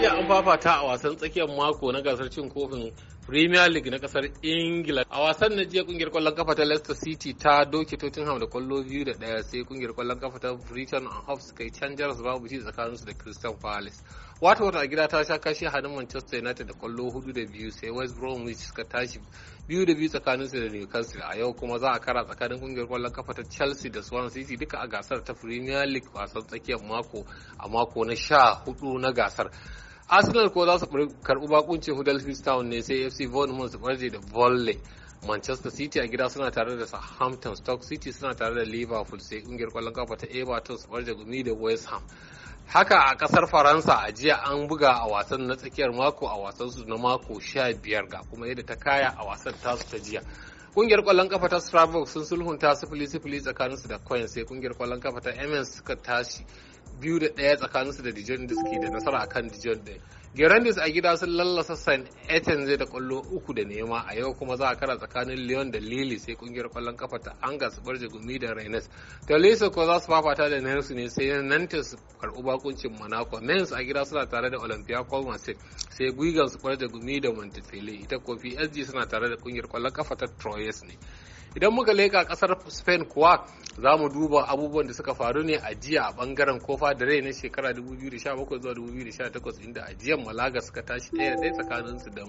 jiya an fafata a wasan tsakiyar mako na gasar cin kofin Premier League na kasar Ingila. A wasan na jiya kungiyar kwallon kafa ta Leicester City ta doke Tottenham da kwallo biyu da daya sai kungiyar kwallon kafa ta Brighton and Hove suka yi canjar babu ci su da Crystal Palace. Wata wata a gida ta sha kashi hannun Manchester United da kwallo hudu da biyu sai West Bromwich suka tashi biyu da biyu tsakanin su da Newcastle. A yau kuma za a kara tsakanin kungiyar kwallon kafa ta Chelsea da Swan City duka a gasar ta Premier League wasan tsakiyar mako a mako na sha hudu na gasar. arsenal ko za su karbi bakuncin huddersfield town ne sai fc vaughan su barje da volley manchester city a gida suna tare da southampton stoke city suna tare da liverpool sai kungiyar kwallon kafa ta everton su barje gumi da west ham haka a kasar faransa a jiya an buga a wasan na tsakiyar mako a wasan su na mako 15 ga kuma yadda ta kaya a wasan tasu ta jiya kungiyar kwallon kafa ta strasbourg sun sulhunta sifili sifili tsakaninsu da coin sai kungiyar kwallon kafa ta emens suka tashi biyu da daya tsakanin su da dijon da suke da nasara akan dijon da gerandis a gida sun lallasa san zai da kwallo uku da nema a yau kuma za a kara tsakanin leon da lili sai kungiyar kwallon kafa ta angas barje gumi da reynes toliso ko za su fafata da nansu ne sai nantes su karɓi bakuncin monaco mens a gida suna tare da olympiacos marseille sai guigan su barje gumi da montefiore ita ko psg suna tare da kungiyar kwallon kafa ta troyes ne idan muka leka kasar spain kuwa za mu duba abubuwan da suka faru ne a jiya a bangaren kofa da rai na shekara 2017 zuwa 2018 inda a jiyan malaga suka tashi ɗaya ɗaya tsakanin su da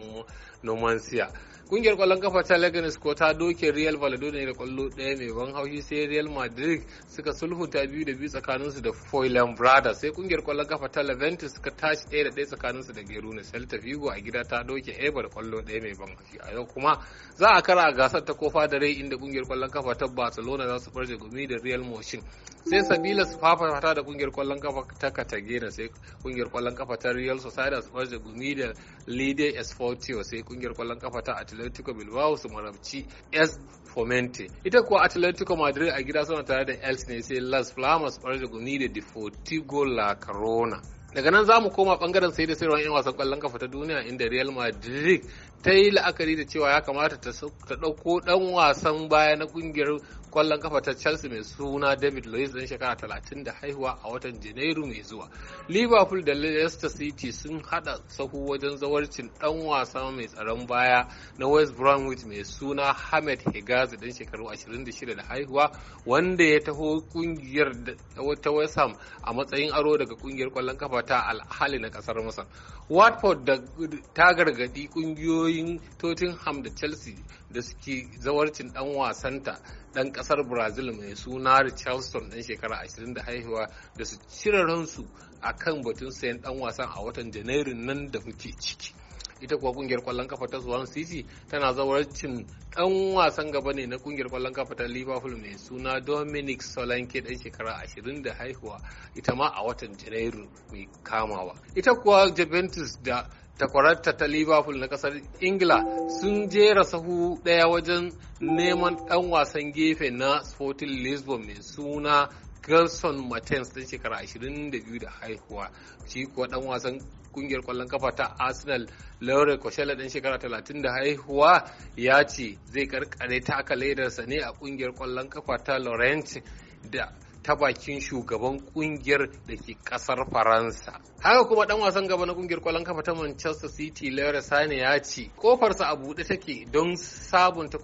numansiya kungiyar kwallon kafa ta leganes ko ta doke real valladolid da kwallo ɗaya mai ban haushi sai real madrid suka sulhunta biyu da biyu tsakanin su da foilan brada sai kungiyar kwallon kafa ta leventus suka tashi ɗaya da ɗaya tsakanin su da geruna celta vigo a gida ta doke ebar kwallo ɗaya mai ban haushi a yau kuma za a kara a gasar ta kofa da rai da kungiyar kwallon kafa ta Barcelona za su farce gumi da Real Motion. sai Sabila su fafata da kungiyar kwallon kafa ta Cartagena sai kungiyar kwallon kafa ta Real Sociedad su farce gumi da Lidia Esportivo sai kungiyar kwallon kafa ta Atletico Bilbao su marabci S Fomente ita kuwa Atletico Madrid a gida suna tare da Els ne sai Las flamas su farce gumi da Deportivo La Corona daga nan za mu koma bangaren sai da sayarwar 'yan wasan kwallon kafa ta duniya inda real madrid ta yi la'akari da cewa ya kamata ta ɗauko dan wasan baya na kungiyar kwallon kafa ta chelsea mai suna david luiz ɗan shekara 30 da haihuwa a watan janairu mai zuwa liverpool da leicester city sun haɗa sahu wajen zawarcin ɗan wasa mai tsaron baya na west bromwich mai suna hamed higazi ɗan shekaru 26 da haihuwa wanda ya taho kungiyar ta west a matsayin aro daga kungiyar kwallon kafa mafata alhali na kasar masar watford da ta gargadi kungiyoyin tottenham da chelsea da suke zawarcin dan wasanta dan kasar brazil mai suna richardson dan shekara 20 da haihuwa da su cire ransu a kan batun sayan dan wasan a watan janairun nan da muke ciki ita kuwa kungiyar kwallon kafa ta Swan City tana zawarcin dan wasan gaba ne na kungiyar kwallon kafa ta Liverpool mai suna Dominic Solanke dan shekara 20 da haihuwa ita ma a watan Janairu mai kamawa ita kuwa Juventus da takwararta ta Liverpool na kasar Ingila sun jera sahu daya wajen neman dan wasan gefe na Sporting Lisbon mai suna Gerson Martens dan shekara 22 da haihuwa shi kuwa dan wasan kungiyar kwallon kafa ta arsenal laure kwashela dan shekara 30 da haihuwa ya ce zai karkare taka ledarsa ne a kungiyar kwallon kafa ta laurent da ta bakin shugaban kungiyar da ke kasar faransa haka kuma dan wasan gaba na kungiyar kwallon kafa ta manchester city laura sane ya ce kofarsa a buɗe take don sabunta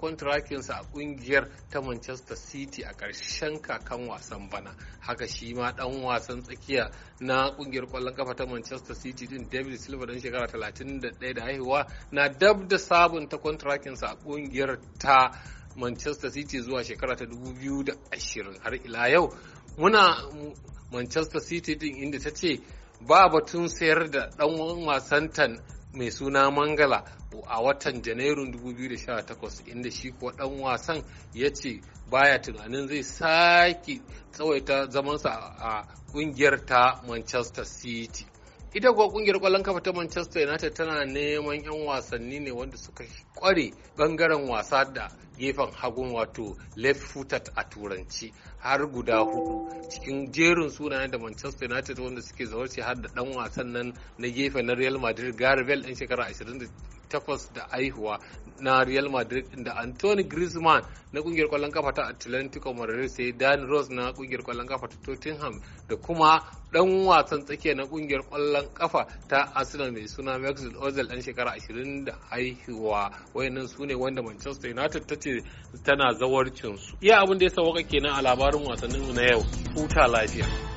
sa a kungiyar ta manchester city a ƙarshen kakan wasan bana haka shi ma dan wasan tsakiya na kungiyar kwallon kafa ta manchester city din david silva dan shekara 31 da haihuwa na dab da sabunta sa a kungiyar ta Manchester City zuwa shekara ta 2020 har ila yau muna Manchester City din inda ta ce ba batun sayar da ɗan wasanta mai suna Mangala a watan Janairun 2018 inda shi kuwa ɗan wasan ya ce baya tunanin zai sake tsawaita zamansa a ƙungiyar ta Manchester City. ita kuwa kungiyar kwallon kafa ta manchester united tana neman 'yan wasanni ne wanda suka kware bangaren wasa da gefen hagun wato left footed a turanci har guda hudu cikin jerin sunayen da manchester united wanda suke zaurce har da dan wasan nan na gefe na real madrid garvel ɗin shekara 28 da aihuwa na Real Madrid da Anthony Griezmann na kungiyar kwallon kafa ta Atlantico Madrid sai Dan Rose na kungiyar kwallon kafa ta Tottenham da kuma dan wasan tsakiya na kungiyar kwallon kafa ta Arsenal mai suna Maxwell Ozil dan shekara 20 da haihuwa wayannan su ne wanda Manchester United ta ce tana zawarcin su iya abin da ya sauka kenan a labarin wasannin na yau huta lafiya